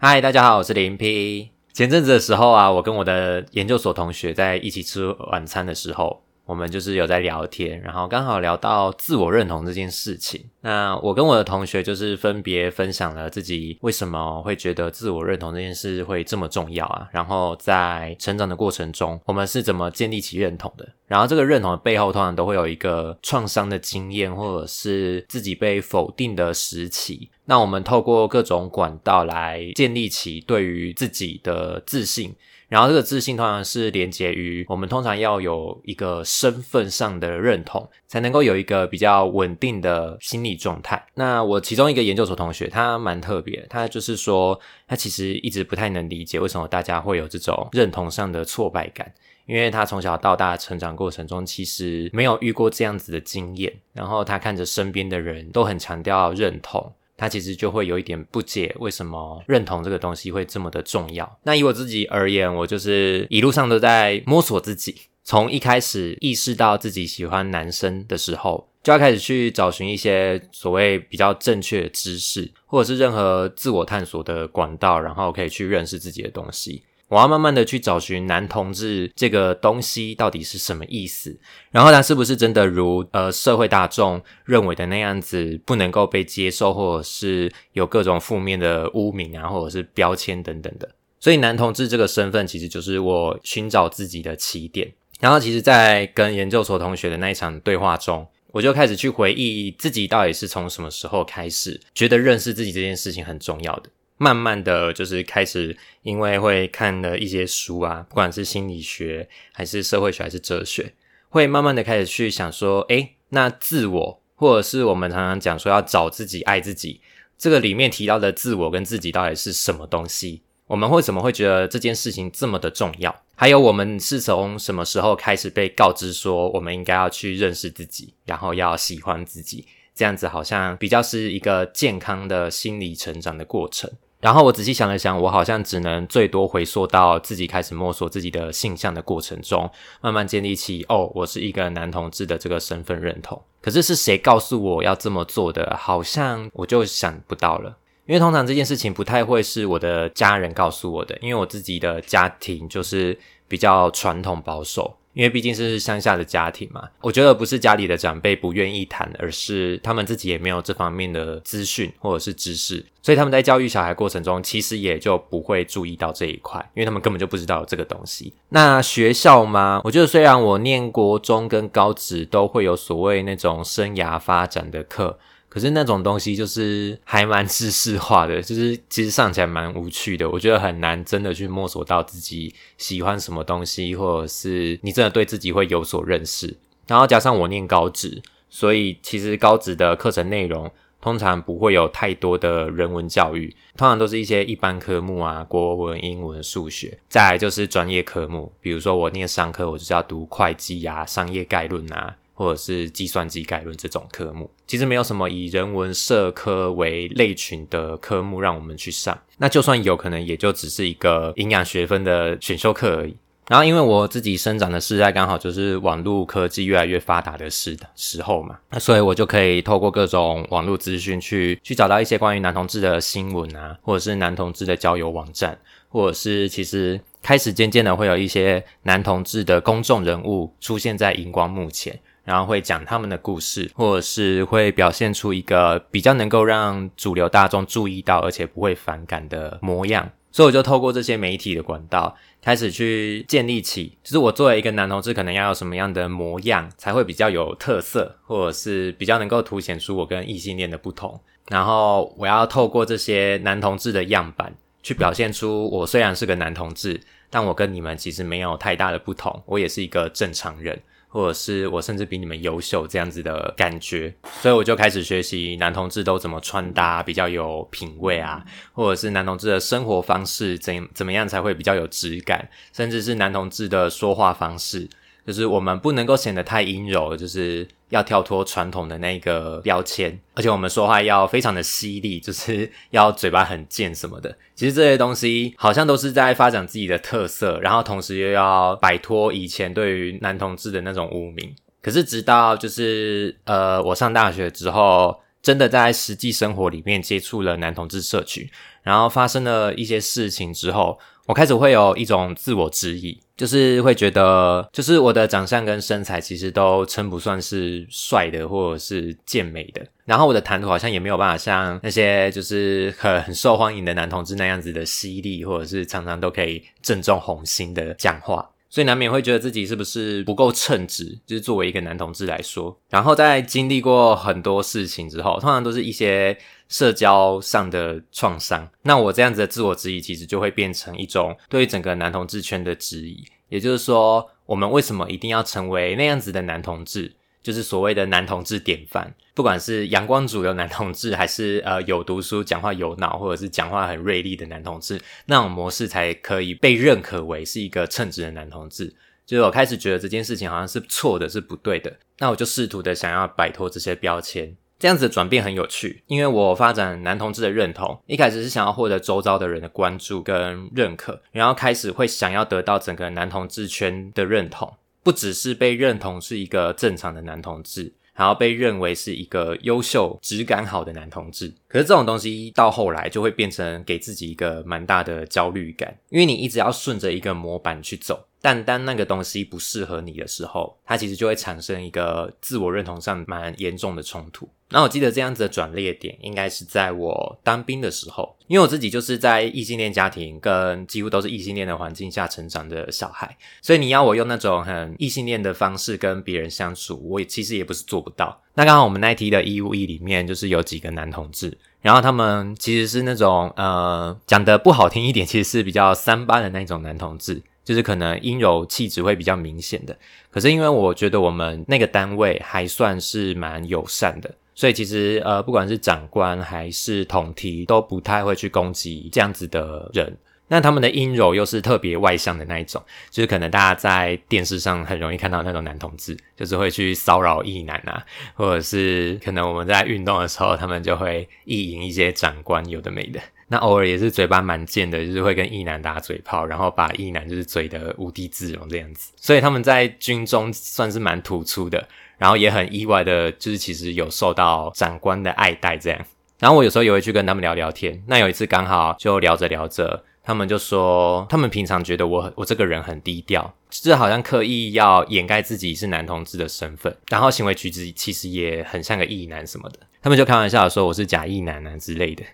嗨，Hi, 大家好，我是林批。前陣子的時候啊，我跟我的研究所同學在一起吃晚餐的時候。我們就是有在聊天，然後剛好聊到自我認同這件事情。那我跟我的同學就是分別分享了自己為什麼會覺得自我認同這件事會這麼重要啊。然後在成長的過程中，我們是怎麼建立起認同的。然後這個認同的背後，通常都會有一個創傷的經驗，或者是自己被否定的時期。那我們透過各種管道來建立起對於自己的自信。然後這個自信通常是連接於我們通常要有一個身份上的認同，才能夠有一個比較穩定的心理狀態。那我其中一個研究所同學，他蠻特別的，他就是說他其實一直不太能理解為什麼大家會有這種認同上的挫敗感，因為他從小到大成長過程中其實沒有遇過這樣子的經驗，然後他看着身邊的人都很強調認同。他其實就會有一點不解，為什麼認同這個東西會這麼的重要？那以我自己而言，我就是一路上都在摸索自己，從一開始意識到自己喜歡男生的時候，就要開始去找尋一些所謂比較正確的知識，或者是任何自我探索的管道，然後可以去認識自己的東西。我要慢慢的去找尋男同志這個東西到底是什麼意思，然後他是不是真的如呃社會大眾認為的那樣子不能夠被接受，或者是有各種負面的汙名啊，或者是標籤等等的。所以男同志這個身份其實就是我尋找自己的起點。然後其實，在跟研究所同學的那一場對話中，我就開始去回憶自己到底是從什麼時候開始覺得認識自己這件事情很重要的。慢慢的就是開始，因為會看了一些書啊，不管是心理學還是社會學還是哲學，會慢慢的開始去想說，誒、欸，那自我或者是我們常常講說要找自己、愛自己，這個裡面提到的自我跟自己到底是什麼東西？我們為什麼會覺得這件事情這麼的重要？還有我們是從什麼時候開始被告知說我們應該要去認識自己，然後要喜歡自己，這樣子好像比較是一個健康的心理成長的過程。然後我仔細想了想，我好像只能最多回溯到自己開始摸索自己的性向的過程中，慢慢建立起“哦，我是一個男同志”的這個身份認同。可是是誰告訴我要這麼做的？好像我就想不到了。因為通常這件事情不太會是我的家人告訴我的，因為我自己的家庭就是比較傳統保守。因為畢竟是鄉下的家庭嘛，我覺得不是家裡的長輩不願意談，而是他們自己也沒有這方面的資訊或者是知識，所以他們在教育小孩過程中，其實也就不會注意到這一塊，因為他們根本就不知道有這個東西。那學校嘛，我覺得雖然我念國中跟高職都會有所謂那種生涯發展的課。可是那種東西就是還蠻制式化的，就是其實上起來蠻無趣的。我覺得很難真的去摸索到自己喜歡什麼東西，或者是你真的對自己會有所認識。然後加上我念高職，所以其實高職的課程內容通常不會有太多的人文教育，通常都是一些一般科目啊，國文、英文、數學，再來就是專業科目。比如說我念商科，我就是要讀會計啊、商業概論啊。或者是計算機概論這種科目，其實沒有什麼以人文社科為類群的科目讓我們去上。那就算有可能，也就只是一個營養學分的選修課而已。然後，因為我自己生長的時代剛好就是網絡科技越來越發達的時時候嘛，那所以我就可以透過各種網絡資訊去去找到一些關於男同志的新聞啊，或者是男同志的交友網站，或者是其實開始漸漸的會有一些男同志的公眾人物出現在熒光幕前。然後會講他們的故事，或者是會表現出一個比較能夠讓主流大眾注意到，而且不會反感的模樣。所以我就透過這些媒體的管道，開始去建立起，就是我作為一個男同志，可能要有什麼樣的模樣才會比較有特色，或者是比較能夠凸顯出我跟異性戀的不同。然後我要透過這些男同志的樣板，去表現出我雖然是個男同志，但我跟你們其實沒有太大的不同，我也是一個正常人。或者是我甚至比你們優秀這樣子的感覺，所以我就開始學習男同志都怎麼穿搭比較有品味啊，或者是男同志的生活方式怎怎麼樣才會比較有質感，甚至是男同志的說話方式。就是我們不能夠顯得太陰柔，就是要跳脫傳統的那個標籤，而且我們說話要非常的犀利，就是要嘴巴很賤什麼的。其實這些東西好像都是在發展自己的特色，然後同時又要擺脫以前對於男同志的那種污名。可是直到就是呃，我上大學之後，真的在實際生活裡面接觸了男同志社群，然後發生了一些事情之後。我開始會有一種自我質疑，就是會覺得，就是我的長相跟身材其實都稱不算是帥的，或者是健美的。然後我的談吐好像也沒有辦法像那些就是很很受歡迎的男同志那樣子的犀利，或者是常常都可以正中紅心的講話。所以難免會覺得自己是不是不夠稱職，就是作為一個男同志來說，然後在經歷過很多事情之後，通常都是一些社交上的創傷。那我這樣子的自我質疑，其實就會變成一種對於整個男同志圈的質疑，也就是說，我們為什麼一定要成為那樣子的男同志？就是所謂的男同志典範，不管是陽光主流男同志，還是呃有讀書、講話有腦，或者是講話很銳利的男同志，那種模式才可以被認可為是一個稱職的男同志。就是我開始覺得這件事情好像是錯的，是不對的。那我就試圖的想要擺脫這些標籤，這樣子的轉變很有趣。因為我發展男同志的認同，一開始是想要獲得周遭的人的關注跟認可，然後開始會想要得到整個男同志圈的認同。不只是被認同是一個正常的男同志，還要被認為是一個優秀、質感好的男同志。可是這種東西到後來就會變成給自己一個蠻大的焦慮感，因為你一直要順着一個模板去走。但當那個東西不適合你的時候，它其實就會產生一個自我認同上蠻嚴重的衝突。那我記得這樣子的轉捩點應該是在我當兵的時候，因為我自己就是在異性戀家庭跟幾乎都是異性戀的環境下成長的小孩，所以你要我用那種很異性戀的方式跟別人相處，我也其實也不是做不到。那剛好我們那一梯的 EUE 裡面就是有幾個男同志，然後他們其實是那種呃講的不好聽一點，其實是比較三八的那種男同志，就是可能陰柔氣質會比較明顯的。可是因為我覺得我們那個單位還算是蠻友善的。所以其實呃，不管是長官還是同梯，都不太會去攻擊這樣子的人。那他們的陰柔又是特別外向的那一種，就是可能大家在電視上很容易看到那種男同志，就是會去騷擾異男啊，或者是可能我們在運動的時候，他們就會意淫一些長官有的沒的。那偶爾也是嘴巴蠻賤的，就是會跟異男打嘴炮，然後把異男就是嘴得無地自容這樣子。所以他們在軍中算是蠻突出的。然後也很意外的，就是其實有受到長官的愛戴這樣。然後我有時候也會去跟他們聊聊天。那有一次剛好就聊着聊着，他們就說他們平常覺得我我這個人很低調，這、就是、好像刻意要掩蓋自己是男同志的身份。然後行為舉止其實也很像個異男什麼的。他們就開玩笑說我是假異男啊之類的。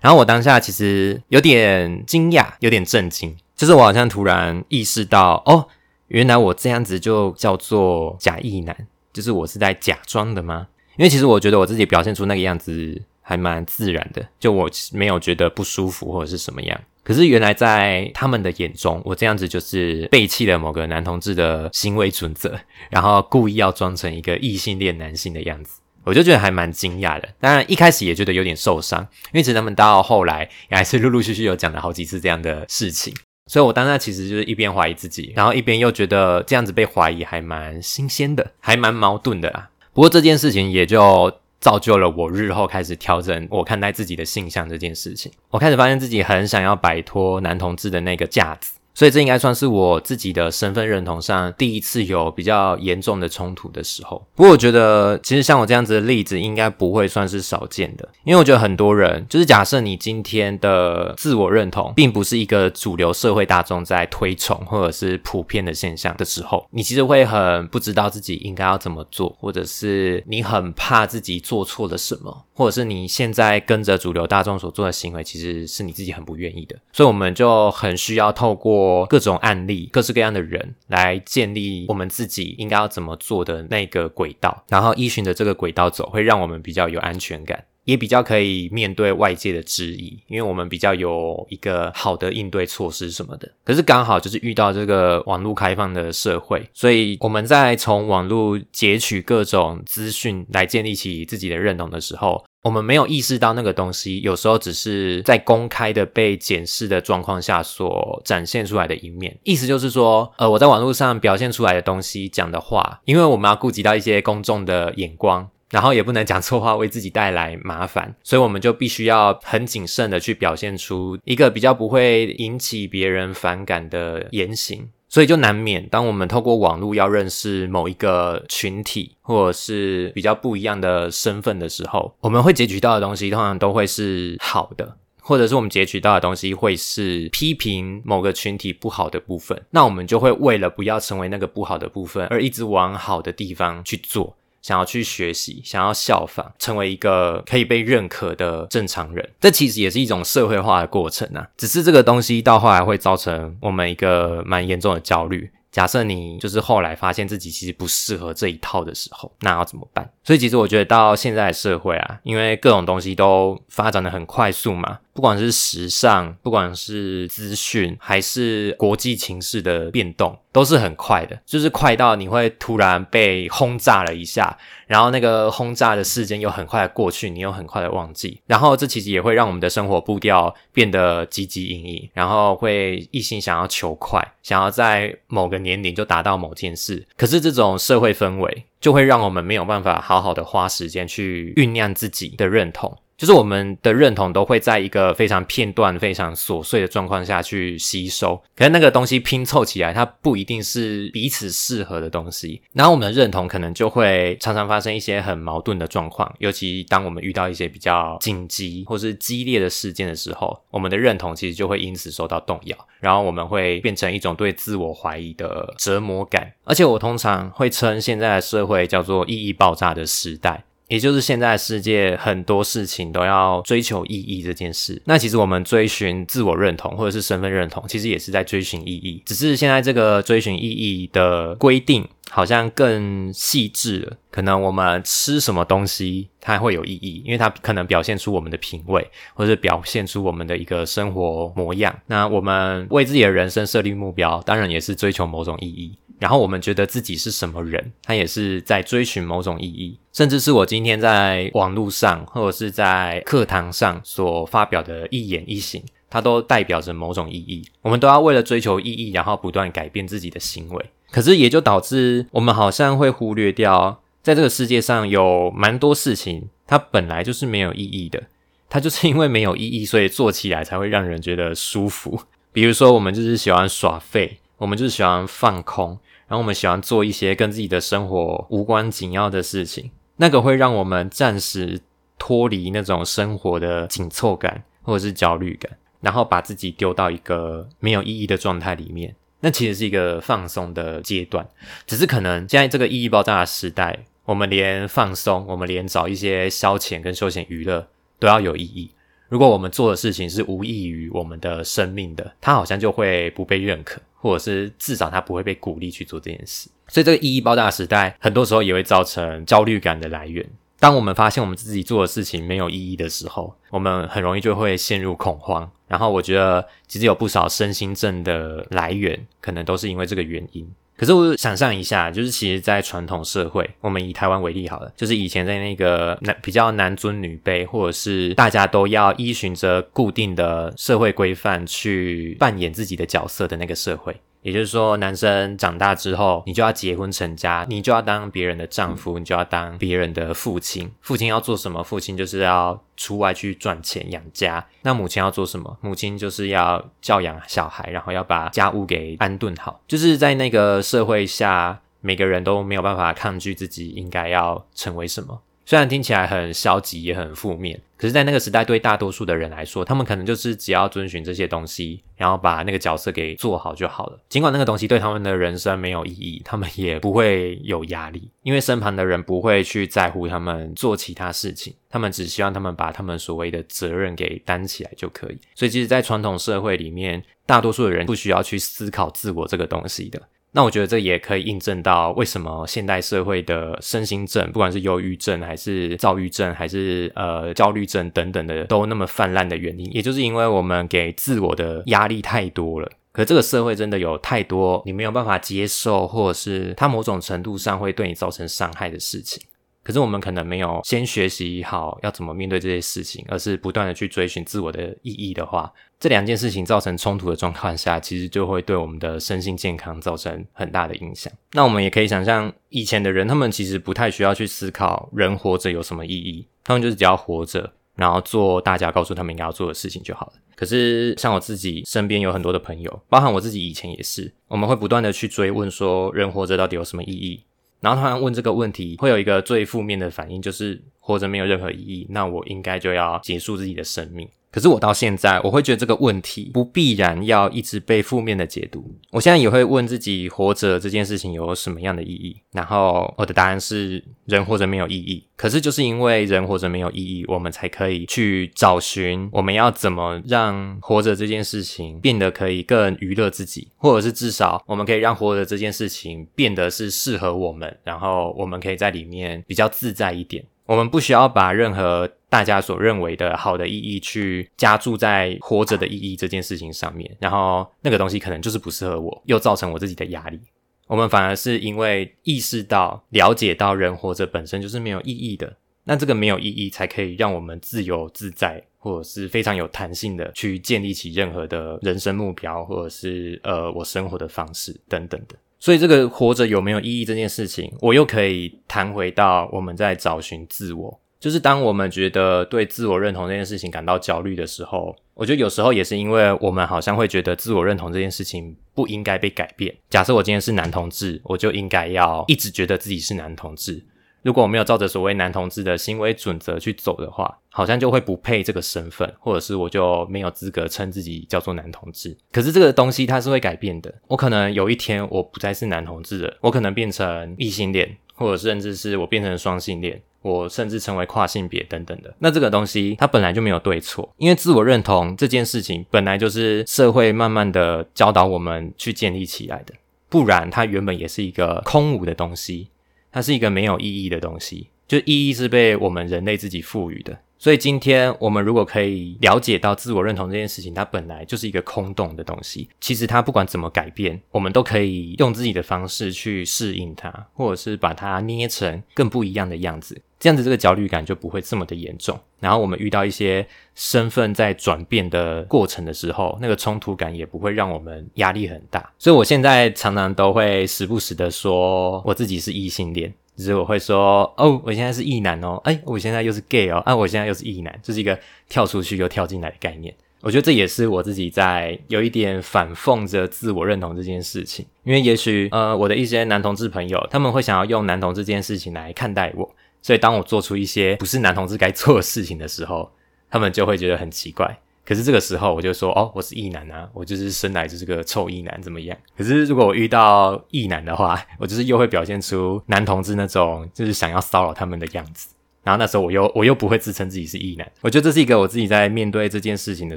然後我當下其實有點驚訝，有點震驚，就是我好像突然意識到哦，原來我這樣子就叫做假異男。就是我是在假裝的嗎？因為其實我覺得我自己表現出那個樣子還蠻自然的，就我沒有覺得不舒服或者是什麼樣。可是原來在他們的眼中，我這樣子就是背棄了某個男同志的行為準則，然後故意要裝成一個異性戀男性的樣子。我就覺得還蠻驚訝的。當然一開始也覺得有點受傷，因為其實他們到後來也還是陸陸續續有講了好幾次這樣的事情。所以，我當下其實就是一邊懷疑自己，然後一邊又覺得這樣子被懷疑還蠻新鮮的，還蠻矛盾的啦。不過這件事情也就造就了我日後開始調整我看待自己的性向這件事情。我開始發現自己很想要擺脫男同志的那個架子。所以這應該算是我自己的身份認同上第一次有比較嚴重的衝突的時候。不過我覺得，其實像我這樣子的例子，應該不會算是少見的。因為我覺得很多人，就是假設你今天的自我認同，並不是一個主流社會大眾在推崇或者是普遍的現象的時候，你其實會很不知道自己應該要怎麼做，或者是你很怕自己做錯了什麼。或者是你現在跟着主流大眾所做的行為，其實是你自己很不願意的。所以我們就很需要透過各種案例、各式各樣的人來建立我們自己應該要怎麼做的那個軌道，然後依循着這個軌道走，會讓我們比較有安全感。也比較可以面對外界的質疑，因為我們比較有一個好的應對措施什麼的。可是剛好就是遇到這個網絡開放的社會，所以我們在從網絡截取各種資訊來建立起自己的認同的時候，我們沒有意識到那個東西有時候只是在公開的被檢視的狀況下所展現出來的一面。意思就是說，呃，我在網絡上表現出來的東西、講的話，因為我們要顧及到一些公眾的眼光。然後也不能講錯話，為自己帶來麻煩，所以我們就必須要很謹慎的去表現出一個比較不會引起別人反感的言行。所以就難免，當我們透過網絡要認識某一個群體，或者是比較不一樣的身份的時候，我們會截取到的東西通常都會是好的，或者是我們截取到的東西會是批評某個群體不好的部分。那我們就會為了不要成為那個不好的部分，而一直往好的地方去做。想要去學習，想要效仿，成為一個可以被認可的正常人，這其實也是一種社會化的過程啊。只是這個東西到後來會造成我們一個蠻嚴重的焦慮。假設你就是後來發現自己其實不適合這一套的時候，那要怎麼辦？所以，其實我覺得到現在的社會啊，因為各種東西都發展得很快速嘛。不管是時尚，不管是資訊，還是國際情勢的變動，都是很快的，就是快到你會突然被轟炸了一下，然後那個轟炸的時間又很快的過去，你又很快的忘記。然後這其實也會讓我們的生活步調變得汲汲營營，然後會一心想要求快，想要在某個年齡就達到某件事。可是這種社會氛圍，就會讓我們沒有辦法好好的花時間去醞釀自己的認同。就是我們的認同都會在一個非常片段、非常瑣碎的狀況下去吸收，可是那個東西拼湊起來，它不一定是彼此適合的東西。然後我們的認同可能就會常常發生一些很矛盾的狀況，尤其當我們遇到一些比較緊急或是激烈的事件的時候，我們的認同其實就會因此受到動搖，然後我們會變成一種對自我懷疑的折磨感。而且我通常會稱現在的社會叫做意義爆炸的時代。也就是現在世界很多事情都要追求意義這件事，那其實我們追尋自我認同或者是身份認同，其實也是在追尋意義，只是現在這個追尋意義的規定。好像更細緻了，可能我們吃什麼東西它會有意義，因為它可能表現出我們的品味，或者表現出我們的一個生活模樣。那我們為自己的人生設立目標，當然也是追求某種意義。然後我們覺得自己是什麼人，它也是在追尋某種意義。甚至是我今天在網絡上或者是在課堂上所發表的一言一行。它都代表着某種意義，我們都要為了追求意義，然後不斷改變自己的行為。可是也就導致我們好像會忽略掉，在這個世界上有蠻多事情，它本來就是沒有意義的。它就是因為沒有意義，所以做起來才會讓人覺得舒服。比如說，我們就是喜歡耍廢，我們就是喜歡放空，然後我們喜歡做一些跟自己的生活無關緊要的事情，那個會讓我們暫時脫離那種生活的緊湊感或者是焦慮感。然後把自己丟到一個沒有意義的狀態裡面，那其實是一個放鬆的階段，只是可能現在這個意義爆炸的時代，我們連放鬆，我們連找一些消遣跟休閒娛樂都要有意義。如果我們做的事情是無益於我們的生命的，它好像就會不被認可，或者是至少它不會被鼓勵去做這件事。所以這個意義爆炸的時代，很多時候也會造成焦慮感的來源。當我們發現我們自己做的事情沒有意義的時候，我們很容易就會陷入恐慌。然後我覺得，其實有不少身心症的來源，可能都是因為這個原因。可是我想象一下，就是其實，在傳統社會，我們以台灣為例好了，就是以前在那個男比較男尊女卑，或者是大家都要依循着固定的社會規範去扮演自己的角色的那個社會。也就是說，男生長大之後，你就要結婚成家，你就要當別人的丈夫，嗯、你就要當別人的父親。父親要做什麼？父親就是要出外去賺錢養家。那母親要做什麼？母親就是要教養小孩，然後要把家務給安頓好。就是在那個社會下，每個人都沒有辦法抗拒自己應該要成為什麼。雖然聽起來很消極，也很負面，可是，在那個時代，對大多數的人來說，他們可能就是只要遵循這些東西，然後把那個角色給做好就好了。儘管那個東西對他們的人生沒有意義，他們也不會有壓力，因為身旁的人不會去在乎他們做其他事情，他們只希望他們把他們所謂的責任給擔起來就可以。所以，其實，在傳統社會裡面，大多數的人不需要去思考自我這個東西的。那我覺得這也可以印證到，為什麼現代社會的身心症，不管是憂鬱症、還是躁鬱症、還是呃焦慮症等等的，都那麼泛濫的原因，也就是因為我們給自我的壓力太多了。可這個社會真的有太多你沒有辦法接受，或者是它某種程度上會對你造成傷害的事情。可是我們可能沒有先學習好要怎麼面對這些事情，而是不斷的去追尋自我的意義的話，這兩件事情造成衝突的狀況下，其實就會對我們的身心健康造成很大的影響。那我們也可以想象，以前的人他們其實不太需要去思考人活着有什麼意義，他們就是只要活着，然後做大家告訴他們應該要做的事情就好了。可是像我自己身邊有很多的朋友，包含我自己以前也是，我們會不斷的去追問說，人活着到底有什麼意義？然後突然問這個問題，會有一個最負面的反應，就是活着沒有任何意義，那我應該就要結束自己的生命。可是我到現在，我會覺得這個問題不必然要一直被負面的解讀。我現在也會問自己，活着這件事情有什麼樣的意義？然後我的答案是，人活着沒有意義。可是就是因為人活着沒有意義，我們才可以去找尋我們要怎麼讓活着這件事情變得可以更娛樂自己，或者是至少我們可以讓活着這件事情變得是適合我們，然後我們可以在裡面比較自在一點。我們不需要把任何大家所認為的好的意義去加注在活着的意義這件事情上面，然後那個東西可能就是不適合我，又造成我自己的壓力。我們反而是因為意識到、了解到人活着本身就是沒有意義的，那這個沒有意義才可以讓我們自由自在，或者是非常有彈性的去建立起任何的人生目標，或者是呃我生活的方式等等的。所以這個活着有沒有意義這件事情，我又可以談回到我們在找尋自我。就是當我們覺得對自我認同這件事情感到焦慮的時候，我覺得有時候也是因為我們好像會覺得自我認同這件事情不應該被改變。假設我今天是男同志，我就應該要一直覺得自己是男同志。如果我沒有照着所謂男同志的行為準則去走的話，好像就會不配這個身份，或者是我就沒有資格稱自己叫做男同志。可是這個東西它是會改變的，我可能有一天我不再是男同志了，我可能變成異性戀，或者甚至是我變成雙性戀，我甚至成為跨性別等等的。那這個東西它本來就沒有對錯，因為自我認同這件事情本來就是社會慢慢的教導我們去建立起來的，不然它原本也是一個空無的東西。它是一個沒有意義的東西，就意義是被我們人類自己賦予的。所以今天我們如果可以了解到自我認同這件事情，它本來就是一個空洞的東西。其實它不管怎麼改變，我們都可以用自己的方式去適應它，或者是把它捏成更不一樣的樣子。這樣子，這個焦慮感就不會這麼的嚴重。然後我們遇到一些身份在轉變的過程的時候，那個衝突感也不會讓我們壓力很大。所以，我現在常常都會時不時的說我自己是異性戀，只是我會說哦，我現在是異男哦，哎、欸，我現在又是 gay 哦，啊，我現在又是異男，這、就是一個跳出去又跳進來的概念。我覺得這也是我自己在有一點反諷着自我認同這件事情，因為也許呃，我的一些男同志朋友他們會想要用男同志這件事情來看待我。所以，當我做出一些不是男同志該做的事情的時候，他們就會覺得很奇怪。可是這個時候，我就說：“哦，我是異男啊，我就是生來就是個臭異男，怎麼樣？”可是如果我遇到異男的話，我就是又會表現出男同志那種就是想要騷擾他們的樣子。然後那時候，我又我又不會自稱自己是異男。我覺得這是一個我自己在面對這件事情的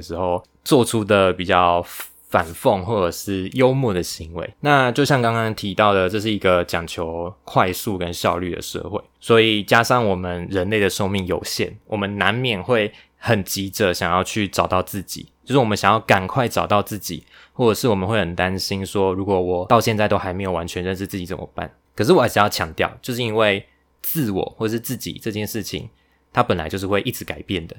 時候做出的比較。反諷或者是幽默的行為，那就像剛剛提到的，這是一個講求快速跟效率的社會，所以加上我們人類的壽命有限，我們難免會很急着想要去找到自己，就是我們想要趕快找到自己，或者是我們會很擔心說，如果我到現在都還沒有完全認識自己怎麼辦？可是我還是要強調，就是因為自我或是自己這件事情，它本來就是會一直改變的。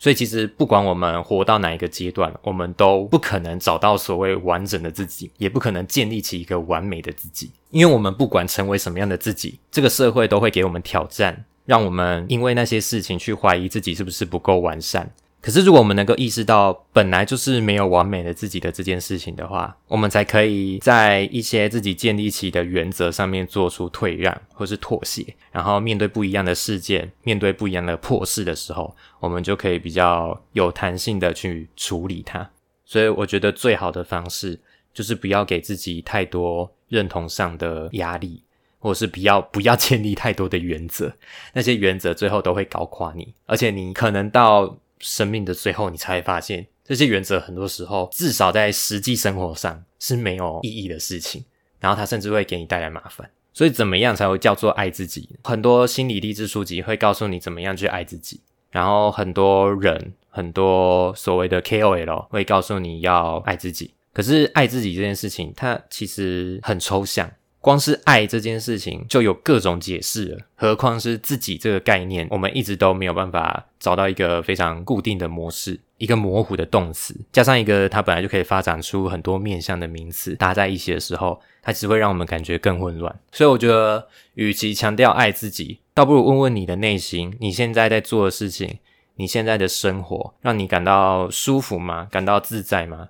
所以，其實不管我們活到哪一個階段，我們都不可能找到所謂完整的自己，也不可能建立起一個完美的自己。因為我們不管成為什麼樣的自己，這個社會都會給我們挑戰，讓我們因為那些事情去懷疑自己是不是不夠完善。可是，如果我們能夠意識到本來就是沒有完美的自己的這件事情的話，我們才可以在一些自己建立起的原則上面做出退讓或是妥協，然後面對不一樣的事件、面對不一樣的破事的時候，我們就可以比較有彈性的去處理它。所以，我覺得最好的方式就是不要給自己太多認同上的壓力，或是不要不要建立太多的原則，那些原則最後都會搞垮你，而且你可能到。生命的最後，你才會發現這些原則，很多時候至少在實際生活上是沒有意義的事情。然後它甚至會給你帶來麻煩。所以，怎麼樣才會叫做愛自己？很多心理勵志書籍會告訴你怎麼樣去愛自己，然後很多人、很多所謂的 KOL 會告訴你要愛自己。可是，愛自己這件事情，它其實很抽象。光是愛這件事情就有各種解釋了，何況是自己這個概念，我們一直都沒有辦法找到一個非常固定的模式，一個模糊的動詞，加上一個它本來就可以發展出很多面向的名詞搭在一起的時候，它只會讓我們感覺更混亂。所以我覺得，與其強調愛自己，倒不如問問你的內心，你現在在做的事情，你現在的生活，讓你感到舒服嗎？感到自在嗎？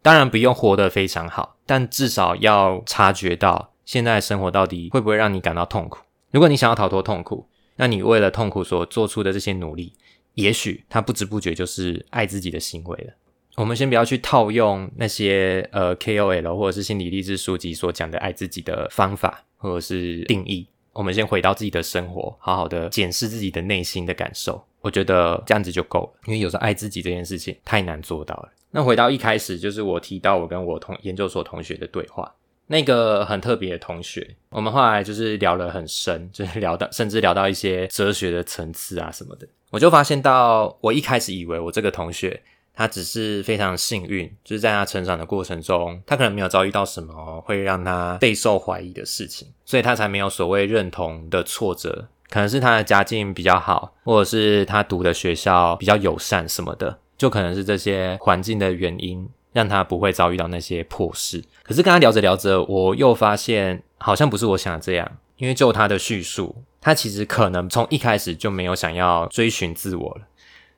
當然不用活得非常好，但至少要察覺到。現在的生活到底會不會讓你感到痛苦？如果你想要逃脫痛苦，那你為了痛苦所做出的這些努力，也許他不知不覺就是愛自己的行為了。我們先不要去套用那些呃 KOL 或者是心理勵志書籍所講的愛自己的方法或者是定義。我們先回到自己的生活，好好的檢視自己的內心的感受。我覺得這樣子就夠了，因為有時候愛自己這件事情太難做到了。那回到一開始，就是我提到我跟我同研究所同學的對話。那個很特別的同學，我們後來就是聊了很深，就是聊到甚至聊到一些哲學的層次啊什麼的。我就發現到，我一開始以為我這個同學他只是非常幸運，就是在他成長的過程中，他可能沒有遭遇到什麼會讓他備受懷疑的事情，所以他才沒有所謂認同的挫折。可能是他的家境比較好，或者是他讀的學校比較友善什麼的，就可能是這些環境的原因。讓他不會遭遇到那些破事。可是跟他聊着聊着，我又發現好像不是我想這樣。因為就他的敘述，他其實可能從一開始就沒有想要追尋自我了。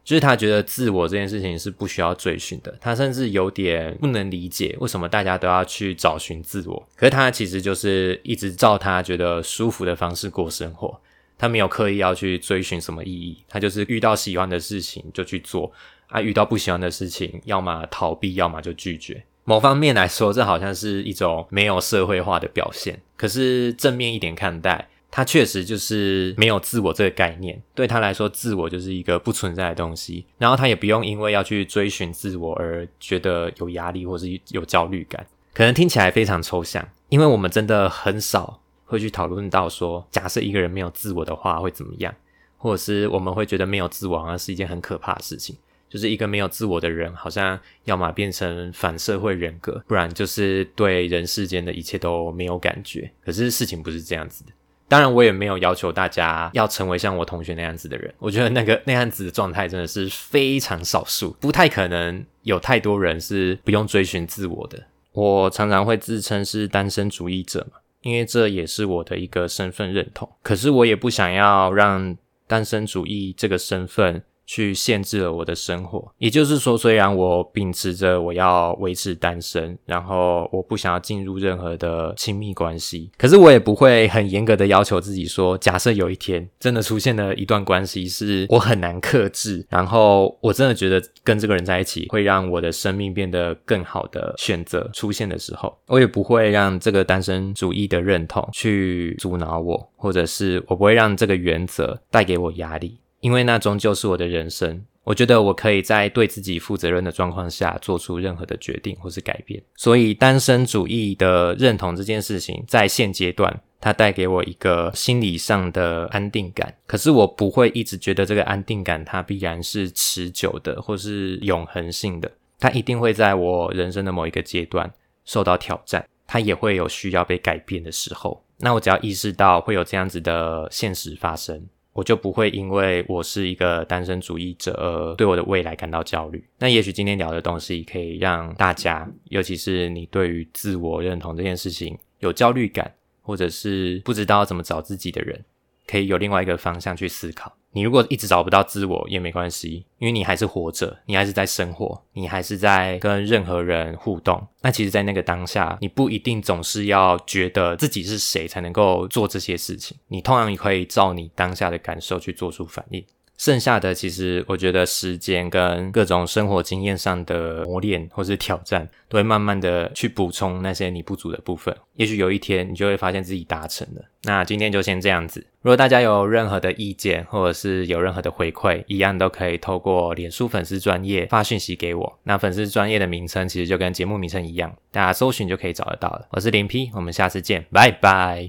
就是他覺得自我這件事情是不需要追尋的。他甚至有點不能理解為什麼大家都要去找尋自我。可是他其實就是一直照他覺得舒服的方式過生活。他沒有刻意要去追尋什麼意義。他就是遇到喜歡的事情就去做。他、啊、遇到不喜歡的事情，要麼逃避，要麼就拒絕。某方面來說，這好像是一種沒有社會化的表現。可是正面一點看待，他確實就是沒有自我這個概念。對他來說，自我就是一個不存在的東西。然後他也不用因為要去追尋自我而覺得有壓力，或是有焦慮感。可能聽起來非常抽象，因為我們真的很少會去討論到說，假設一個人沒有自我的話會怎麼樣，或者是我們會覺得沒有自我啊，是一件很可怕的事情。就是一個沒有自我的人，好像要麼變成反社會人格，不然就是對人世間的一切都沒有感覺。可是事情不是這樣子的，當然我也沒有要求大家要成為像我同學那樣子的人。我覺得那個那樣子的狀態真的是非常少數，不太可能有太多人是不用追尋自我的。我常常會自稱是單身主義者嘛，因為這也是我的一個身份認同。可是我也不想要讓單身主義這個身份。去限制了我的生活，也就是說，雖然我秉持着我要維持單身，然後我不想要進入任何的親密關係，可是我也不會很嚴格的要求自己說，假設有一天真的出現了一段關係，是我很難克制，然後我真的覺得跟這個人在一起會讓我的生命變得更好的選擇出現的時候，我也不會讓這個單身主義的認同去阻撓我，或者是我不會讓這個原則帶給我壓力。因為那終究是我的人生，我覺得我可以在對自己負責任的狀況下做出任何的決定或是改變。所以，單身主義的認同這件事情，在現階段，它帶給我一個心理上的安定感。可是，我不會一直覺得這個安定感它必然是持久的或是永恆性的。它一定會在我人生的某一個階段受到挑戰，它也會有需要被改變的時候。那我只要意識到會有這樣子的現實發生。我就不會因為我是一個單身主義者而對我的未來感到焦慮。那也許今天聊的東西可以讓大家，尤其是你對於自我認同這件事情有焦慮感，或者是不知道怎麼找自己的人，可以有另外一個方向去思考。你如果一直找不到自我也沒關係，因為你還是活着，你還是在生活，你還是在跟任何人互動。那其實，在那個當下，你不一定總是要覺得自己是誰才能夠做這些事情。你同樣也可以照你當下的感受去做出反應。剩下的其實，我覺得時間跟各種生活經驗上的磨練，或是挑戰，都會慢慢的去補充那些你不足的部分。也許有一天，你就會發現自己達成了。那今天就先這樣子。如果大家有任何的意見，或者是有任何的回饋，一樣都可以透過臉書粉絲專頁發訊息給我。那粉絲專頁的名稱其實就跟節目名稱一樣，大家搜尋就可以找得到了。我是林批，我們下次見，拜拜。